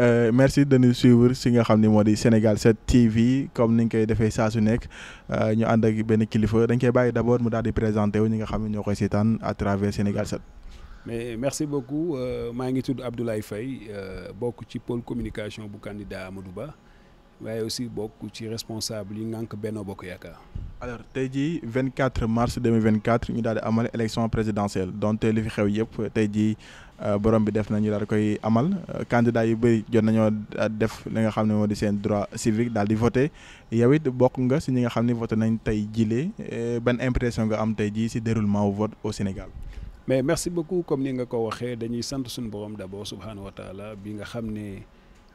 Euh, merci de nous suivre si nga xam ne moo di Sénégal 7 TV comme ni ñu koy defee saa su nekk euh, ñu ànd ak benn kilifa dañ koy bàyyi d' abord mu daal di présenté wu ñi nga xam ne ñoo koy seetaan à travers Sénégal 7. mais merci beaucoup euh, maa ngi tudd Abdoulaye Faye bokk ci pôle communication bu candidat Amadou Ba. waaye aussi bokk ci responsable yi ngànk Benno Bokk Yaakaar. alors tey jii 24 mars 2024 ñu daal di amal élection présidentielle donte li fi xew yëpp tey jii euh, borom bi def nañu ñu daal koy amal euh, candidat yu bëri jot nañoo euh, def li nga xam ne moo di seen droit civique daal di voté yow it bokk nga si ni nga xam ne voté nañ tey jilee ban impression nga am tey jii si déroulement wu vote au Sénégal. mais merci beaucoup comme ni nga ko waxee dañuy sant suñu borom d' abord subhaanahu wa taala bi nga xam ne.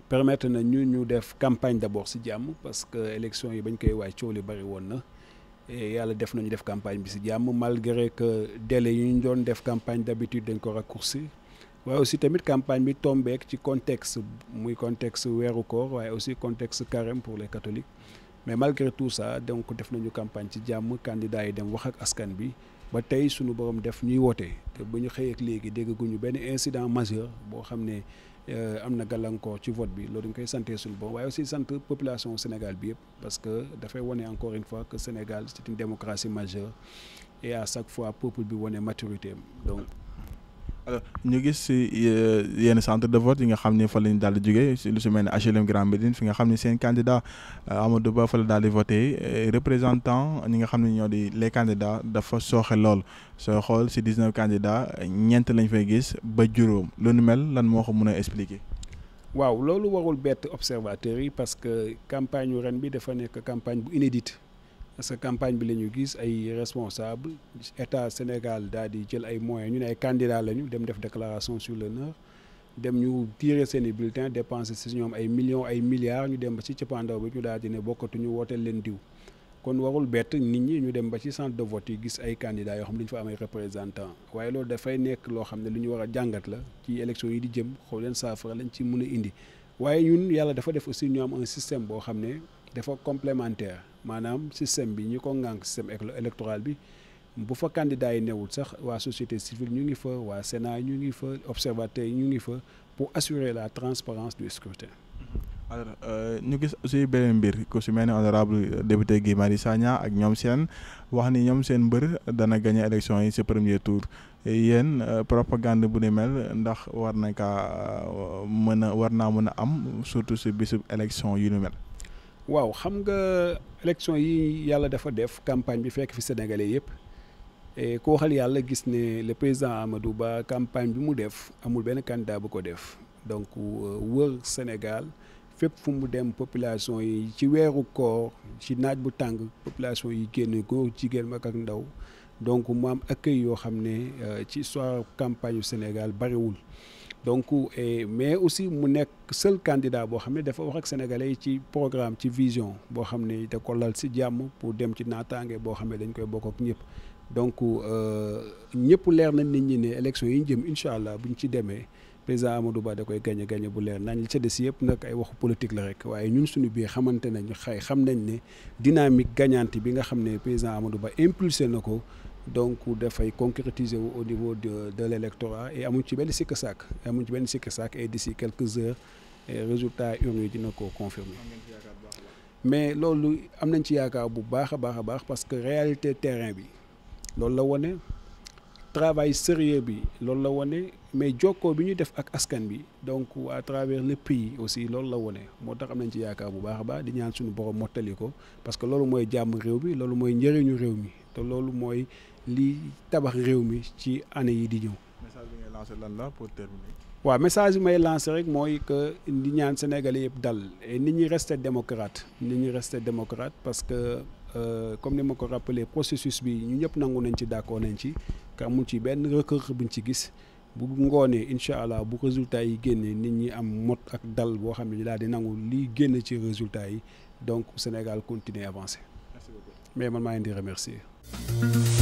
permettre na ñu ñu def campagne d'abord si jàmm parce que élection yi bañ koy waay coow li bari woon na yàlla def nañu def campagne bi si jàmm malgré que délai yu ñu doon def campagne d'habitude dañ ko raccourci waaye aussi tamit campagne bi tombeek ci contexte muy contexte weeru koor waaye aussi contexte carême pour les catholiques mais malgré tout ça donc def nañu campagne ci jàmm candidat yi dem wax ak askan bi ba tey suñu borom def ñuy woote te bu ñu xëyeek léegi déggaguñu benn incident majeur boo xam ne euh, am na gàllankoor ci vote bi loolu ñu koy santee sunu borom waaye aussi sant population Sénégal bi yëpp parce que dafay wone encore une fois que Sénégal c'est une démocratie majeure et à chaque fois peuple bi wane maturité am alors ñu gis si euh, yenn centre de vote yi nga xam ne fa la ñu daal di jógee si lu si mel ne HLM Grand Médine fi nga xam ne seen candidat euh, Amadou Ba fa la daal di voté représentant ñi nga xam ne ñoo di les candidats dafa sooxe lool soo xool si 19 candidats ñeent lañ fay gis ba juróom lu nu mel lan moo ko mun a expliquer. waaw loolu warul bett observateurs yi parce que campagne ren bi dafa nekk campagne bu inédite. parce que campagne bi la ñu gis ay responsable état Sénégal daal di jël ay moyen ñu ne ay candidats lañu dem def déclaration sur l'honneur dem ñu tirer seen i bulletins dépenser si ñoom ay millions ay milliards ñu dem ba ci cappaandaw bi ñu daal di ne bokkatuñu wooteel leen diw kon warul bett nit ñi ñu dem ba ci centre de vote yi gis ay candidats yoo xam ne dañu fa am ay représentants waaye loolu dafay nekk loo xam ne lu ñu war a jàngat la ci élection yi di jëm xool leen saafara lañ ci mun indi waaye ñun yàlla dafa def aussi ñu boo xam ne. dafa complémentaire maanaam système bi ñi ko ŋànk système électoral bi bu fa candidat yi newul sax waa société civile ñu ngi fa waa Sénat ñu ngi fa observateur yi ñu ngi fa pour assurer la transparence du scrutin. Mm-hmm. alors euh, ñu gis aussi beneen mbir ku si mel ne honorable euh, député Guy Marius Sagna ak ñoom seen wax ni ñoom seen mbër dana gagné élection yi si premier tour yéen euh, propagande bu ni mel ndax war na kaa mën a war naa mën a am surtout si bisub élection mel. waaw xam nga élection yi yàlla dafa def campagne bi fekk fi sénégalais yëpp ku waxal yàlla gis ne le président Amadou Ba campagne bi mu def amul benn candidat bu ko def donc euh, wër Sénégal fépp fu mu dem population yi ci weeru koor ci naaj bu tàng population yi génn góor jigéen mag ak ndaw donc mu am yoo xam ne euh, ci histoire campagne yu Sénégal bariwul donc euh, mais aussi mu nekk seul candidat boo xam ne dafa wax ak sénégalais yi ci programme ci vision boo xam ne da ko lal si jàmm pour dem ci naataange boo xam ne dañ koy bokk ak ñëpp donc euh, ñëpp leer nañ nit ñi ne élection yi ñu jëm incha allah bu ñu ci demee président Amadou Ba da koy gagné gagné bu leer nañ li ca des yëpp nag ay waxu politique la rek waaye ñun suñu biir xamante nañ xay xam nañ ne dynamique gagnante bi nga xam ne président Amadou Ba impulsé na ko. donc dafay concrétiser wu au niveau de de l' électorat et amuñ ci benn sikk sàkk amuñ ci benn sikk sàkk et d'ici quelques heures eh, résultat urne yi dina ko confirmer mais loolu am nañ ci yaakaar bu baax a baax a baax parce que réalité terrain bi loolu la wone travail sérieux bi loolu la wone mais jokkoo bi ñu def ak askan bi donc à travers le pays aussi loolu la wone moo tax am nañ ci yaakaar bu baax a baax di ñaan suñu borom mottali ko parce que loolu mooy jàmm réew bi loolu mooy njëriñu réew mi te loolu mooy lii tabax réew mi ci année yi di ñëw. message bi ngay lan la pour terminer. waaw message bi may lancé rek mooy que di ñaan Sénégalais yëpp dal et nit ñi rester démocrate nit ñi rester démocrate parce que euh, comme ni ma ko rappelé processus bi ñu ñëpp nangu nañ ci d'accord nañ ci que ci benn rëq-rëq buñ ci gis. bu ngoonee incha allah bu résultat yi génnee nit ñi am mot ak dal boo xam ne daal di nangu lii génn ci résultat yi donc Sénégal continue avancé mais man maa indi remercier. Thank you.